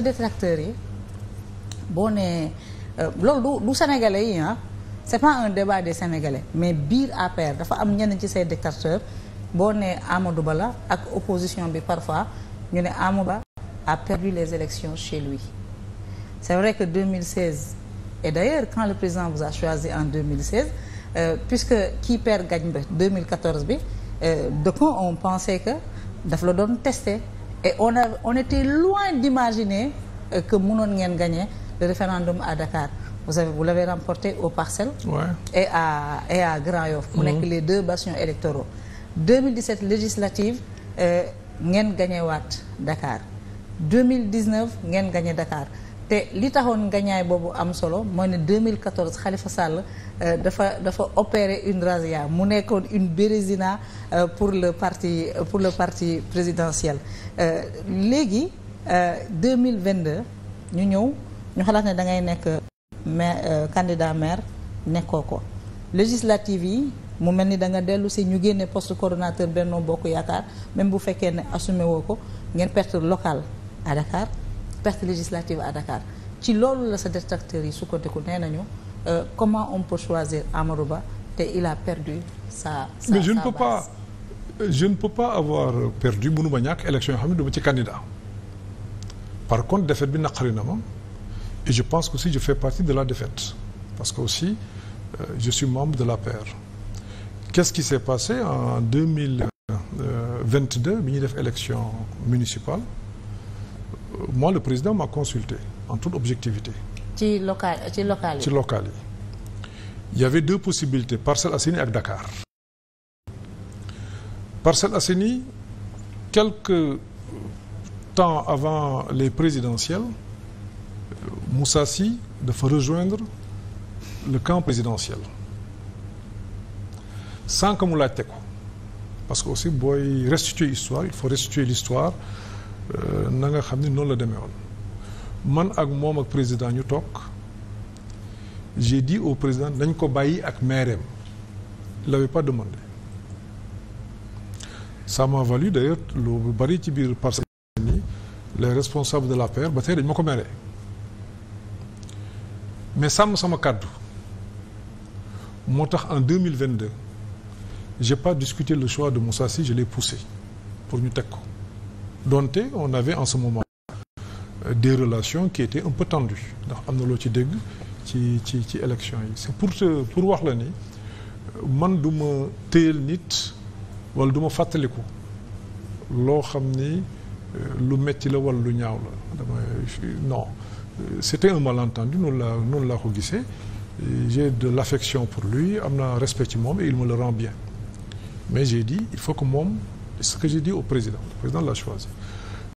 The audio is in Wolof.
sa détracteurs yi boo nee euh, loolu du du sénégalais yi ah c'est pas un débat des sénégalais mais biir APR dafa am ñenn ci say détracteurs boo nee Amadou Ba la ak opposition bi parfois ñu ne Amadou Ba a perdu les élections chez lui c'est vrai que 2016 et d'ailleurs quand le président vous a choisi en 2016 euh, puisque qui perd gagne ba 2014 bi euh, de quoi on pensait que daf la doon tester et on a on était loin d'imaginer euh, que mënoon ngeen gagner le référendum à Dakar vous avez vous l'avez remporté aux Parcelles ouais. et à et à Grand Yoff mu nekk mhm. les deux bastions électoraux 2017 législative euh, ngeen gagné waat Dakar 2019 ngeen gagné Dakar te li taxoon ngañaay boobu am solo mooy ne 2014 Khalifa Sall euh, dafa dafa opérer une razzia mu nekkoon une bérésina euh, pour le parti euh, pour le parti présidentiel léegi 2022 ñu ñëw ñu xalaat ne da ngay nekk maire candidat maire nekkoo ko législative yi mu mel ni da nga dellu si ñu génne poste coordonnateur Benno Bokk Yaakaar même bu fekkee ne assumé woo ko ngeen perte locale à Dakar perte législative à Dakar ci loolu la sa détracteurs yi sukkandiku nee nañu euh, comment on peut choisir Amadou Ba te il a perdu sa sa mais je ne peux pas euh, je ne peux pas avoir perdu mënu ma ñàkk élection yoo xam ne dama ci candidat par contre défaite bi naqari na ma et je pense que aussi je fais partie de la défaite parce que aussi euh, je suis membre de l'APR qu'est-ce qui s'est passé en 2022 euh, bi ñuy def élection municipale moi le président m'a consulté en toute objectivité. ci local ci local yi. ci local yi il y avait deux possibilités Parcelles Assainies ak Dakar. Parcelles Assainies quelques temps avant les présidentielles Moussa de dafa rejoindre le camp présidentiel sans que mu laajte ko parce que aussi booy restituer histoire il faut restituer l'histoire Euh, na nga xam ni noonu la demee woon man ak moom ak président ñu toog j'ai di au président nañ ko bàyyi ak maireem il avait pas demandé ça m'a valu d'ailleurs lu bari ci biir parce que nii les responsables de l'APR ba tey dañ ma ko meree mais sàmm sama kàddu moo tax en deux mille vingt deux j'ai pas discuté le choix de Moussa Sy je l'ai poussé pour ñu teg ko donte on avait en ce moment euh, des relations qui étaient un peu tendues ndax am na loo ci dégg ci ci ci élection yi c'est pour te pour wax la ni euh, man du ma téyel nit wala du ma fàttaliku loo xam ni euh, lu metti la wala lu ñaaw la dama non c'était un malentendu noonu laa noonu laa ko gisee j'ai de l'affection pour lui am naa respect ci moom et il me le rend bien mais j'ai dit il faut que moom C'est ce que j'ai dit au président. Le président l'a choisi.